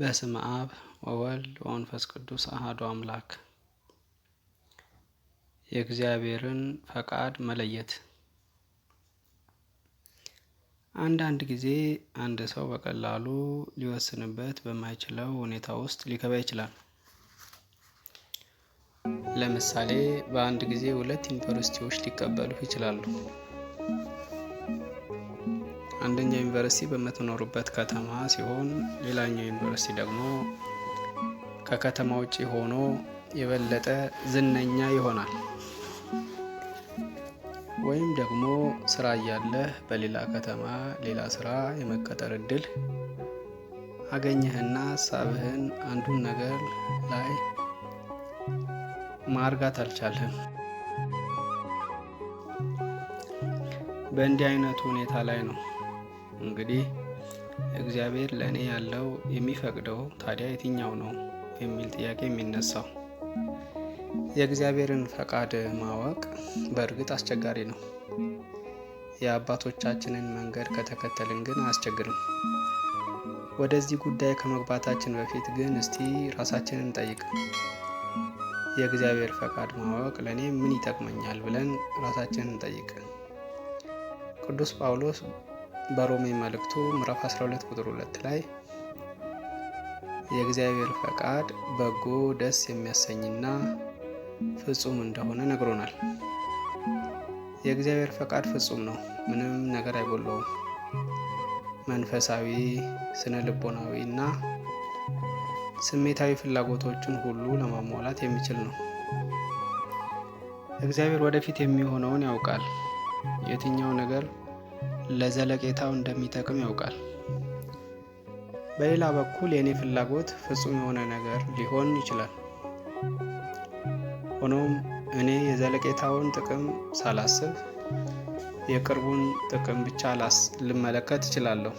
በስም አብ ወወልድ ወመንፈስ ቅዱስ አህዶ አምላክ። የእግዚአብሔርን ፈቃድ መለየት። አንዳንድ ጊዜ አንድ ሰው በቀላሉ ሊወስንበት በማይችለው ሁኔታ ውስጥ ሊገባ ይችላል። ለምሳሌ በአንድ ጊዜ ሁለት ዩኒቨርሲቲዎች ሊቀበሉ ይችላሉ። አንደኛው ዩኒቨርሲቲ በምትኖሩበት ከተማ ሲሆን፣ ሌላኛው ዩኒቨርሲቲ ደግሞ ከከተማ ውጭ ሆኖ የበለጠ ዝነኛ ይሆናል። ወይም ደግሞ ስራ እያለህ በሌላ ከተማ ሌላ ስራ የመቀጠር እድል አገኘህና ሀሳብህን አንዱን ነገር ላይ ማርጋት አልቻለም። በእንዲህ አይነቱ ሁኔታ ላይ ነው እንግዲህ እግዚአብሔር ለእኔ ያለው የሚፈቅደው ታዲያ የትኛው ነው የሚል ጥያቄ የሚነሳው። የእግዚአብሔርን ፈቃድ ማወቅ በእርግጥ አስቸጋሪ ነው። የአባቶቻችንን መንገድ ከተከተልን ግን አያስቸግርም። ወደዚህ ጉዳይ ከመግባታችን በፊት ግን እስቲ ራሳችንን እንጠይቅ። የእግዚአብሔር ፈቃድ ማወቅ ለእኔ ምን ይጠቅመኛል ብለን ራሳችንን እንጠይቅ። ቅዱስ ጳውሎስ በሮሜ መልእክቱ ምዕራፍ 12 ቁጥር 2 ላይ የእግዚአብሔር ፈቃድ በጎ ደስ የሚያሰኝና ፍጹም እንደሆነ ነግሮናል። የእግዚአብሔር ፈቃድ ፍጹም ነው፣ ምንም ነገር አይጎለውም። መንፈሳዊ፣ ስነ ልቦናዊ እና ስሜታዊ ፍላጎቶችን ሁሉ ለማሟላት የሚችል ነው። እግዚአብሔር ወደፊት የሚሆነውን ያውቃል። የትኛው ነገር ለዘለቄታው እንደሚጠቅም ያውቃል። በሌላ በኩል የእኔ ፍላጎት ፍጹም የሆነ ነገር ሊሆን ይችላል። ሆኖም እኔ የዘለቄታውን ጥቅም ሳላስብ የቅርቡን ጥቅም ብቻ ልመለከት እችላለሁ።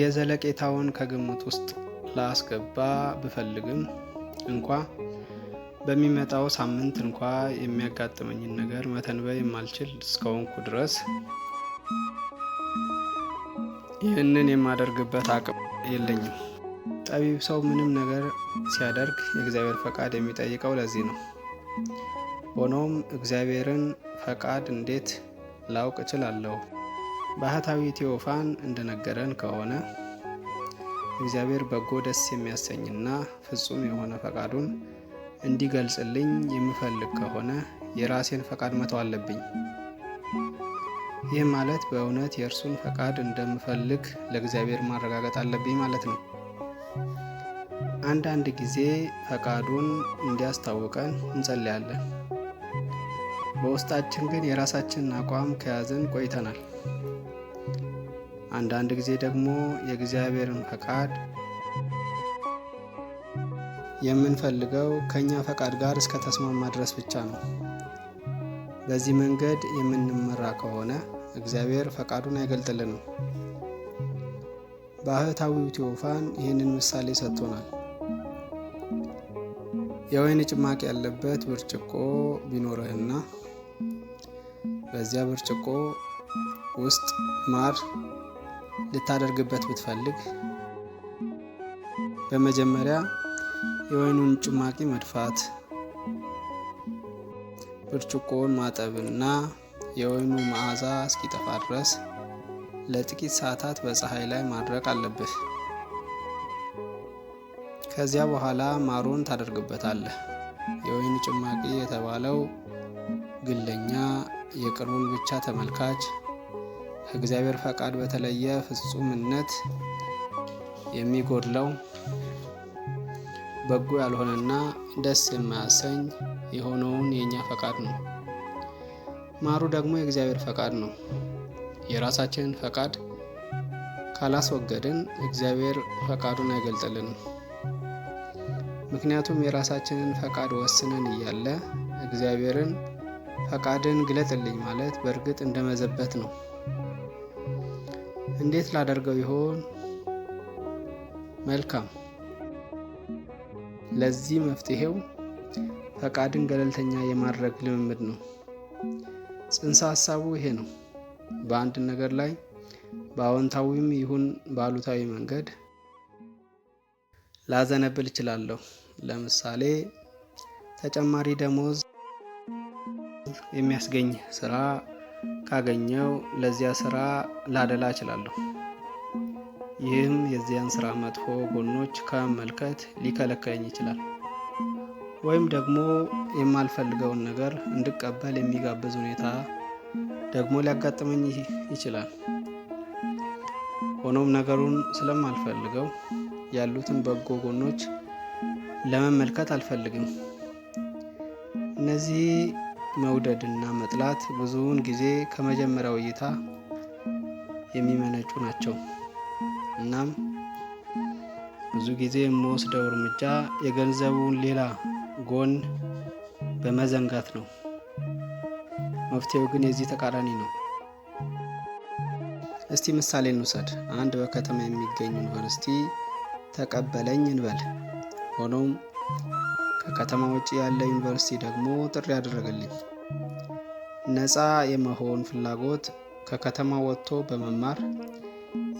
የዘለቄታውን ከግምት ውስጥ ላስገባ ብፈልግም እንኳ በሚመጣው ሳምንት እንኳ የሚያጋጥመኝን ነገር መተንበይ የማልችል እስከሆንኩ ድረስ ይህንን የማደርግበት አቅም የለኝም። ጠቢብ ሰው ምንም ነገር ሲያደርግ የእግዚአብሔር ፈቃድ የሚጠይቀው ለዚህ ነው። ሆኖም እግዚአብሔርን ፈቃድ እንዴት ላውቅ እችላለሁ? ባህታዊ ቴዎፋን እንደነገረን ከሆነ እግዚአብሔር በጎ ደስ የሚያሰኝና ፍጹም የሆነ ፈቃዱን እንዲገልጽልኝ የምፈልግ ከሆነ የራሴን ፈቃድ መተው አለብኝ። ይህ ማለት በእውነት የእርሱን ፈቃድ እንደምፈልግ ለእግዚአብሔር ማረጋገጥ አለብኝ ማለት ነው። አንዳንድ ጊዜ ፈቃዱን እንዲያስታውቀን እንጸልያለን። በውስጣችን ግን የራሳችንን አቋም ከያዘን ቆይተናል። አንዳንድ ጊዜ ደግሞ የእግዚአብሔርን ፈቃድ የምንፈልገው ከእኛ ፈቃድ ጋር እስከ ተስማማ ድረስ ብቻ ነው። በዚህ መንገድ የምንመራ ከሆነ እግዚአብሔር ፈቃዱን አይገልጥልንም። ባህታዊው ቴዎፋን ይህንን ምሳሌ ሰጥቶናል። የወይን ጭማቂ ያለበት ብርጭቆ ቢኖርህና በዚያ ብርጭቆ ውስጥ ማር ልታደርግበት ብትፈልግ በመጀመሪያ የወይኑን ጭማቂ መድፋት፣ ብርጭቆውን ማጠብና የወይኑ መዓዛ እስኪጠፋ ድረስ ለጥቂት ሰዓታት በፀሐይ ላይ ማድረቅ አለብህ። ከዚያ በኋላ ማሩን ታደርግበታለህ። የወይን ጭማቂ የተባለው ግለኛ፣ የቅርቡን ብቻ ተመልካች፣ ከእግዚአብሔር ፈቃድ በተለየ ፍጹምነት የሚጎድለው በጎ ያልሆነና ደስ የማያሰኝ የሆነውን የእኛ ፈቃድ ነው። ማሩ ደግሞ የእግዚአብሔር ፈቃድ ነው። የራሳችንን ፈቃድ ካላስወገድን እግዚአብሔር ፈቃዱን አይገልጥልንም። ምክንያቱም የራሳችንን ፈቃድ ወስነን እያለ እግዚአብሔርን ፈቃድን ግለጥልኝ ማለት በእርግጥ እንደመዘበት ነው። እንዴት ላደርገው ይሆን? መልካም ለዚህ መፍትሄው ፈቃድን ገለልተኛ የማድረግ ልምምድ ነው። ጽንሰ ሀሳቡ ይሄ ነው። በአንድ ነገር ላይ በአዎንታዊም ይሁን በአሉታዊ መንገድ ላዘነብል እችላለሁ። ለምሳሌ ተጨማሪ ደሞዝ የሚያስገኝ ስራ ካገኘው ለዚያ ስራ ላደላ እችላለሁ። ይህም የዚያን ስራ መጥፎ ጎኖች ከመመልከት ሊከለክለኝ ይችላል። ወይም ደግሞ የማልፈልገውን ነገር እንድቀበል የሚጋብዝ ሁኔታ ደግሞ ሊያጋጥመኝ ይችላል። ሆኖም ነገሩን ስለማልፈልገው ያሉትን በጎ ጎኖች ለመመልከት አልፈልግም። እነዚህ መውደድና መጥላት ብዙውን ጊዜ ከመጀመሪያው እይታ የሚመነጩ ናቸው። እናም ብዙ ጊዜ የምወስደው እርምጃ የገንዘቡን ሌላ ጎን በመዘንጋት ነው። መፍትሄው ግን የዚህ ተቃራኒ ነው። እስቲ ምሳሌ እንውሰድ። አንድ በከተማ የሚገኝ ዩኒቨርሲቲ ተቀበለኝ እንበል። ሆኖም ከከተማ ውጭ ያለ ዩኒቨርሲቲ ደግሞ ጥሪ ያደረገልኝ። ነፃ የመሆን ፍላጎት ከከተማ ወጥቶ በመማር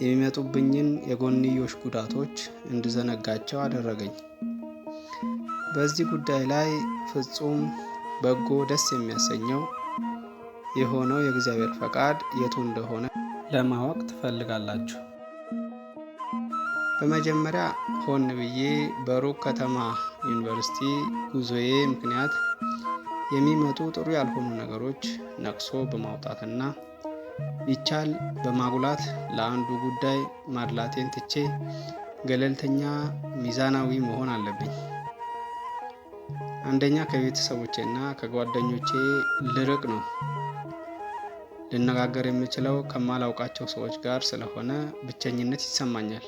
የሚመጡብኝን የጎንዮሽ ጉዳቶች እንድዘነጋቸው አደረገኝ። በዚህ ጉዳይ ላይ ፍጹም በጎ ደስ የሚያሰኘው የሆነው የእግዚአብሔር ፈቃድ የቱ እንደሆነ ለማወቅ ትፈልጋላችሁ። በመጀመሪያ ሆን ብዬ በሩቅ ከተማ ዩኒቨርሲቲ ጉዞዬ ምክንያት የሚመጡ ጥሩ ያልሆኑ ነገሮች ነቅሶ በማውጣትና ቢቻል በማጉላት ለአንዱ ጉዳይ ማድላቴን ትቼ ገለልተኛ ሚዛናዊ መሆን አለብኝ። አንደኛ ከቤተሰቦቼና ከጓደኞቼ ልርቅ ነው። ልነጋገር የምችለው ከማላውቃቸው ሰዎች ጋር ስለሆነ ብቸኝነት ይሰማኛል።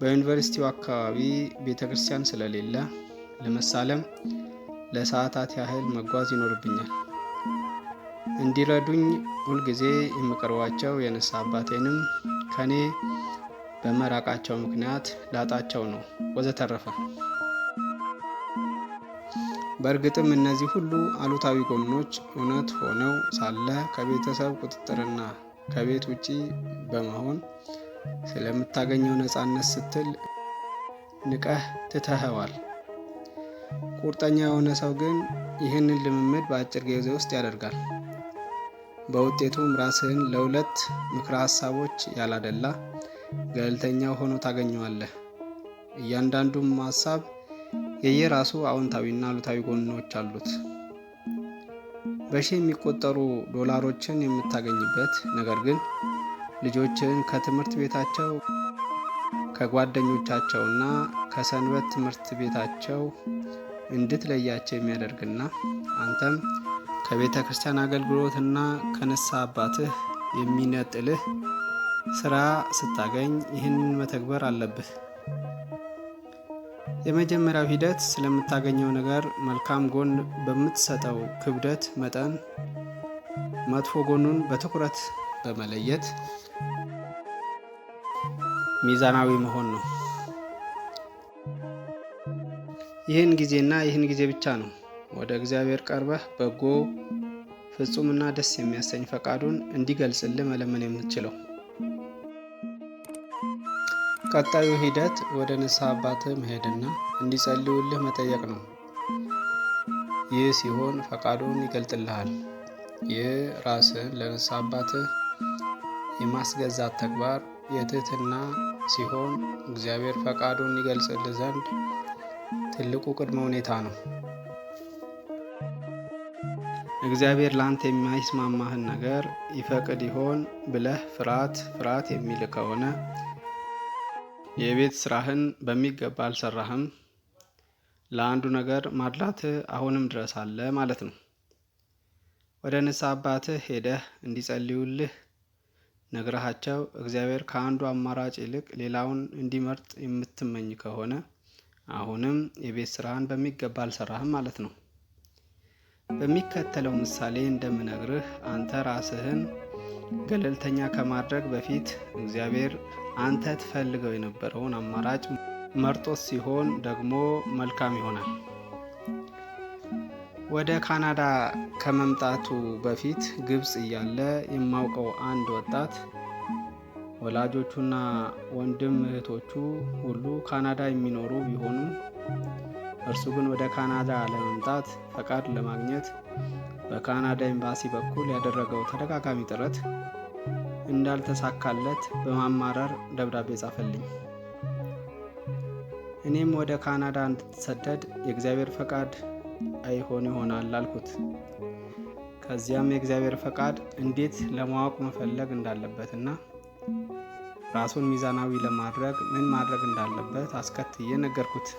በዩኒቨርሲቲው አካባቢ ቤተ ክርስቲያን ስለሌለ ለመሳለም ለሰዓታት ያህል መጓዝ ይኖርብኛል። እንዲረዱኝ ሁልጊዜ የምቀርባቸው የንስሐ አባቴንም ከኔ በመራቃቸው ምክንያት ላጣቸው ነው ወዘተረፈ። በእርግጥም እነዚህ ሁሉ አሉታዊ ጎኖች እውነት ሆነው ሳለ ከቤተሰብ ቁጥጥርና ከቤት ውጪ በመሆን ስለምታገኘው ነፃነት ስትል ንቀህ ትተኸዋል። ቁርጠኛ የሆነ ሰው ግን ይህንን ልምምድ በአጭር ጊዜ ውስጥ ያደርጋል። በውጤቱም ራስህን ለሁለት ምክረ ሀሳቦች ያላደላ ገለልተኛ ሆኖ ታገኘዋለህ። እያንዳንዱም ሀሳብ የየራሱ አዎንታዊና አሉታዊ ጎኖች አሉት። በሺህ የሚቆጠሩ ዶላሮችን የምታገኝበት ነገር ግን ልጆችን ከትምህርት ቤታቸው ከጓደኞቻቸውና ከሰንበት ትምህርት ቤታቸው እንድትለያቸው የሚያደርግና አንተም ከቤተ ክርስቲያን አገልግሎትና ከንስሐ አባትህ የሚነጥልህ ስራ ስታገኝ ይህንን መተግበር አለብህ። የመጀመሪያው ሂደት ስለምታገኘው ነገር መልካም ጎን በምትሰጠው ክብደት መጠን መጥፎ ጎኑን በትኩረት በመለየት ሚዛናዊ መሆን ነው። ይህን ጊዜና ይህን ጊዜ ብቻ ነው ወደ እግዚአብሔር ቀርበህ በጎ ፍጹምና ደስ የሚያሰኝ ፈቃዱን እንዲገልጽልህ መለመን የምትችለው። ቀጣዩ ሂደት ወደ ንስሐ አባትህ መሄድና እንዲጸልዩልህ መጠየቅ ነው። ይህ ሲሆን ፈቃዱን ይገልጥልሃል። ይህ ራስን ለንስሐ አባትህ የማስገዛት ተግባር የትህትና ሲሆን እግዚአብሔር ፈቃዱን ይገልጽልህ ዘንድ ትልቁ ቅድመ ሁኔታ ነው። እግዚአብሔር ለአንተ የማይስማማህን ነገር ይፈቅድ ይሆን ብለህ ፍርሃት ፍርሃት የሚል ከሆነ የቤት ስራህን በሚገባ አልሰራህም፣ ለአንዱ ነገር ማድላት አሁንም ድረስ አለ ማለት ነው። ወደ ንስሐ አባትህ ሄደህ እንዲጸልዩልህ ነግረሃቸው እግዚአብሔር ከአንዱ አማራጭ ይልቅ ሌላውን እንዲመርጥ የምትመኝ ከሆነ አሁንም የቤት ስራህን በሚገባ አልሰራህም ማለት ነው። በሚከተለው ምሳሌ እንደምነግርህ አንተ ራስህን ገለልተኛ ከማድረግ በፊት እግዚአብሔር አንተ ትፈልገው የነበረውን አማራጭ መርጦት ሲሆን ደግሞ መልካም ይሆናል። ወደ ካናዳ ከመምጣቱ በፊት ግብፅ እያለ የማውቀው አንድ ወጣት ወላጆቹና ወንድም እህቶቹ ሁሉ ካናዳ የሚኖሩ ቢሆኑም እርሱ ግን ወደ ካናዳ ለመምጣት ፈቃድ ለማግኘት በካናዳ ኤምባሲ በኩል ያደረገው ተደጋጋሚ ጥረት እንዳልተሳካለት በማማረር ደብዳቤ ጻፈልኝ። እኔም ወደ ካናዳ እንድትሰደድ የእግዚአብሔር ፈቃድ አይሆን ይሆናል አልኩት። ከዚያም የእግዚአብሔር ፈቃድ እንዴት ለማወቅ መፈለግ እንዳለበትና ራሱን ሚዛናዊ ለማድረግ ምን ማድረግ እንዳለበት አስከትዬ ነገርኩት።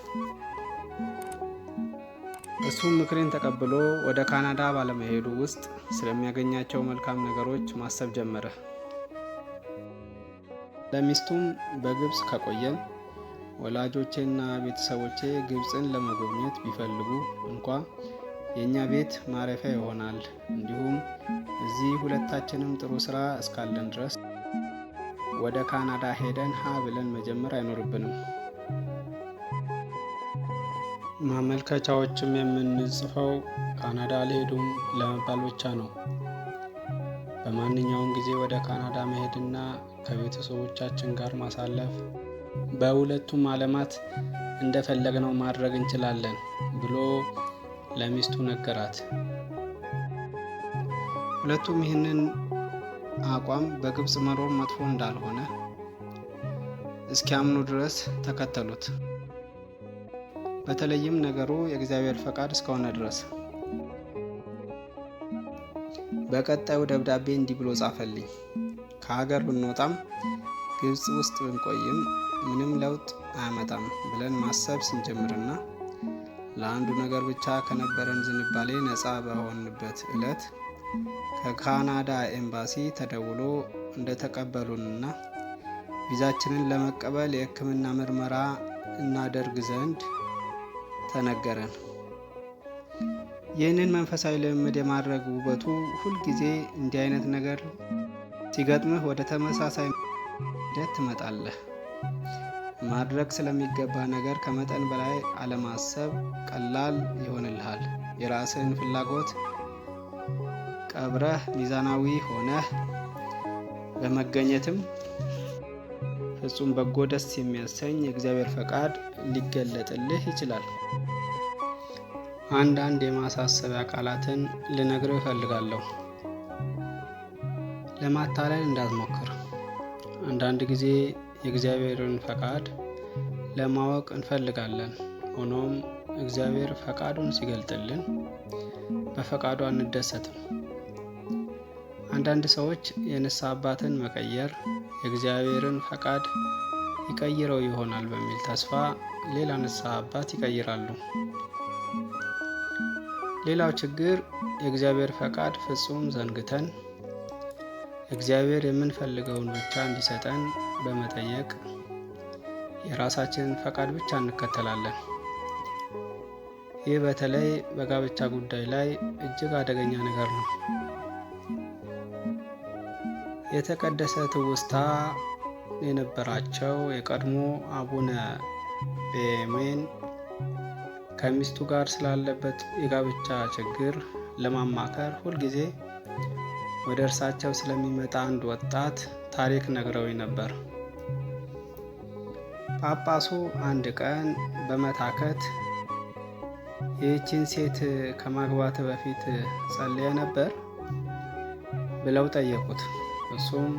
እሱም ምክሬን ተቀብሎ ወደ ካናዳ ባለመሄዱ ውስጥ ስለሚያገኛቸው መልካም ነገሮች ማሰብ ጀመረ። ለሚስቱም በግብፅ ከቆየ ወላጆቼና ቤተሰቦቼ ግብፅን ለመጎብኘት ቢፈልጉ እንኳ የእኛ ቤት ማረፊያ ይሆናል። እንዲሁም እዚህ ሁለታችንም ጥሩ ስራ እስካለን ድረስ ወደ ካናዳ ሄደን ሀ ብለን መጀመር አይኖርብንም። ማመልከቻዎችም የምንጽፈው ካናዳ አልሄዱም ለመባል ብቻ ነው። በማንኛውም ጊዜ ወደ ካናዳ መሄድና ከቤተሰቦቻችን ጋር ማሳለፍ በሁለቱም ዓለማት እንደፈለግነው ማድረግ እንችላለን ብሎ ለሚስቱ ነገራት። ሁለቱም ይህንን አቋም በግብፅ መኖር መጥፎ እንዳልሆነ እስኪያምኑ ድረስ ተከተሉት። በተለይም ነገሩ የእግዚአብሔር ፈቃድ እስከሆነ ድረስ። በቀጣዩ ደብዳቤ እንዲህ ብሎ ጻፈልኝ። ከሀገር ብንወጣም ግብፅ ውስጥ ብንቆይም ምንም ለውጥ አያመጣም ብለን ማሰብ ስንጀምርና ለአንዱ ነገር ብቻ ከነበረን ዝንባሌ ነፃ በሆንበት ዕለት ከካናዳ ኤምባሲ ተደውሎ እንደተቀበሉንና ቪዛችንን ለመቀበል የሕክምና ምርመራ እናደርግ ዘንድ ተነገረን። ይህንን መንፈሳዊ ልምምድ የማድረግ ውበቱ ሁልጊዜ እንዲህ አይነት ነገር ሲገጥምህ ወደ ተመሳሳይ ሂደት ትመጣለህ። ማድረግ ስለሚገባ ነገር ከመጠን በላይ አለማሰብ ቀላል ይሆንልሃል። የራስህን ፍላጎት ቀብረህ ሚዛናዊ ሆነህ በመገኘትም ፍጹም በጎ ደስ የሚያሰኝ የእግዚአብሔር ፈቃድ ሊገለጥልህ ይችላል። አንዳንድ የማሳሰቢያ ቃላትን ልነግረው እፈልጋለሁ። ለማታለል እንዳትሞክር። አንዳንድ ጊዜ የእግዚአብሔርን ፈቃድ ለማወቅ እንፈልጋለን። ሆኖም እግዚአብሔር ፈቃዱን ሲገልጥልን በፈቃዱ አንደሰትም። አንዳንድ ሰዎች የንስሐ አባትን መቀየር የእግዚአብሔርን ፈቃድ ይቀይረው ይሆናል በሚል ተስፋ ሌላ ንስሐ አባት ይቀይራሉ። ሌላው ችግር የእግዚአብሔር ፈቃድ ፍጹም ዘንግተን እግዚአብሔር የምንፈልገውን ብቻ እንዲሰጠን በመጠየቅ የራሳችንን ፈቃድ ብቻ እንከተላለን። ይህ በተለይ በጋብቻ ጉዳይ ላይ እጅግ አደገኛ ነገር ነው። የተቀደሰ ትውስታ የነበራቸው የቀድሞ አቡነ ቤሜን ከሚስቱ ጋር ስላለበት የጋብቻ ችግር ለማማከር ሁልጊዜ ወደ እርሳቸው ስለሚመጣ አንድ ወጣት ታሪክ ነግረው ነበር። ጳጳሱ አንድ ቀን በመታከት ይህችን ሴት ከማግባት በፊት ጸልየ ነበር ብለው ጠየቁት። እሱም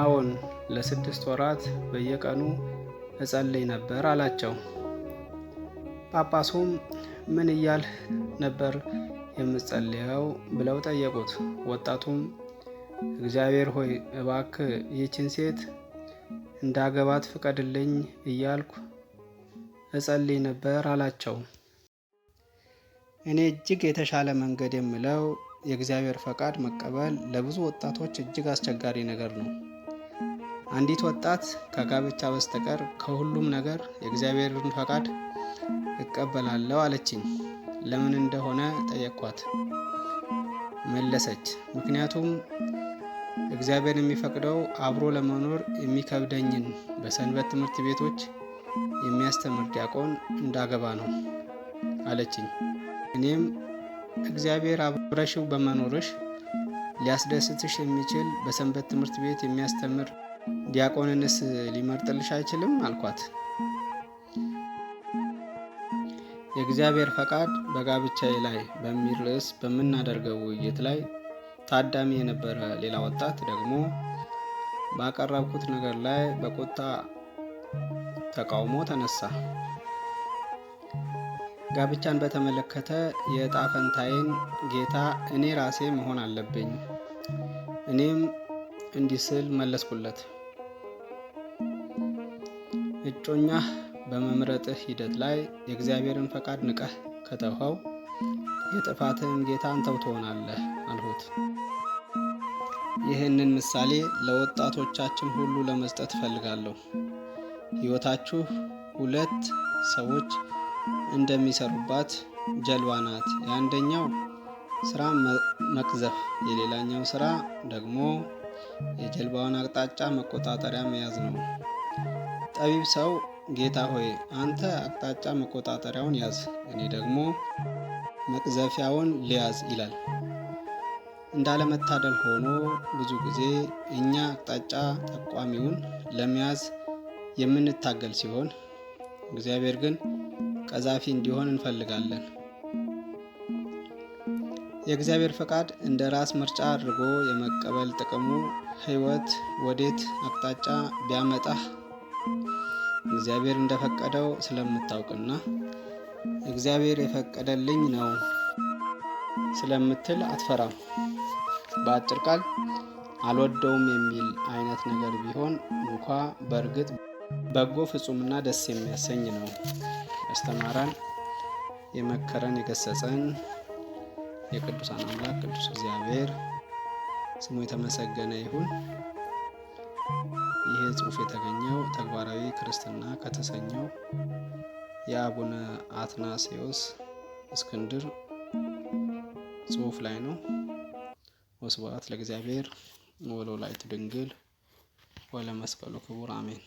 አዎን ለስድስት ወራት በየቀኑ እጸልይ ነበር አላቸው። ጳጳሱም ምን እያል ነበር የምጸልየው ብለው ጠየቁት። ወጣቱም እግዚአብሔር ሆይ እባክ ይህችን ሴት እንዳገባት ፍቀድልኝ እያልኩ እጸልይ ነበር አላቸው። እኔ እጅግ የተሻለ መንገድ የምለው የእግዚአብሔር ፈቃድ መቀበል ለብዙ ወጣቶች እጅግ አስቸጋሪ ነገር ነው። አንዲት ወጣት ከጋብቻ በስተቀር ከሁሉም ነገር የእግዚአብሔርን ፈቃድ እቀበላለሁ አለችኝ። ለምን እንደሆነ ጠየቅኳት። መለሰች፣ ምክንያቱም እግዚአብሔር የሚፈቅደው አብሮ ለመኖር የሚከብደኝን በሰንበት ትምህርት ቤቶች የሚያስተምር ዲያቆን እንዳገባ ነው አለችኝ። እኔም እግዚአብሔር አብረሽው በመኖርሽ ሊያስደስትሽ የሚችል በሰንበት ትምህርት ቤት የሚያስተምር ዲያቆንንስ ሊመርጥልሽ አይችልም አልኳት። የእግዚአብሔር ፈቃድ በጋብቻዬ ላይ በሚል ርዕስ በምናደርገው ውይይት ላይ ታዳሚ የነበረ ሌላ ወጣት ደግሞ ባቀረብኩት ነገር ላይ በቁጣ ተቃውሞ ተነሳ። ጋብቻን በተመለከተ የዕጣ ፈንታዬን ጌታ እኔ ራሴ መሆን አለብኝ። እኔም እንዲህ ስል መለስኩለት፣ እጮኛህ በመምረጥህ ሂደት ላይ የእግዚአብሔርን ፈቃድ ንቀህ ከተውኸው የጥፋትህን ጌታ አንተው ትሆናለህ አልሁት። ይህንን ምሳሌ ለወጣቶቻችን ሁሉ ለመስጠት እፈልጋለሁ። ሕይወታችሁ ሁለት ሰዎች እንደሚሰሩባት ጀልባ ናት። የአንደኛው ስራ መቅዘፍ፣ የሌላኛው ስራ ደግሞ የጀልባውን አቅጣጫ መቆጣጠሪያ መያዝ ነው። ጠቢብ ሰው ጌታ ሆይ አንተ አቅጣጫ መቆጣጠሪያውን ያዝ፣ እኔ ደግሞ መቅዘፊያውን ሊያዝ ይላል። እንዳለመታደል ሆኖ ብዙ ጊዜ እኛ አቅጣጫ ጠቋሚውን ለመያዝ የምንታገል ሲሆን እግዚአብሔር ግን ቀዛፊ እንዲሆን እንፈልጋለን። የእግዚአብሔር ፈቃድ እንደ ራስ ምርጫ አድርጎ የመቀበል ጥቅሙ ሕይወት ወዴት አቅጣጫ ቢያመጣህ እግዚአብሔር እንደፈቀደው ስለምታውቅና እግዚአብሔር የፈቀደልኝ ነው ስለምትል አትፈራም። በአጭር ቃል አልወደውም የሚል አይነት ነገር ቢሆን እንኳ በእርግጥ በጎ ፍጹምና ደስ የሚያሰኝ ነው። ያስተማረን፣ የመከረን፣ የገሰጸን የቅዱሳን አምላክ ቅዱስ እግዚአብሔር ስሙ የተመሰገነ ይሁን። ይህ ጽሑፍ የተገኘው ተግባራዊ ክርስትና ከተሰኘው የአቡነ አትናሴዎስ እስክንድር ጽሑፍ ላይ ነው። ወስብሐት ለእግዚአብሔር ወለወላዲቱ ድንግል ወለመስቀሉ ክቡር አሜን።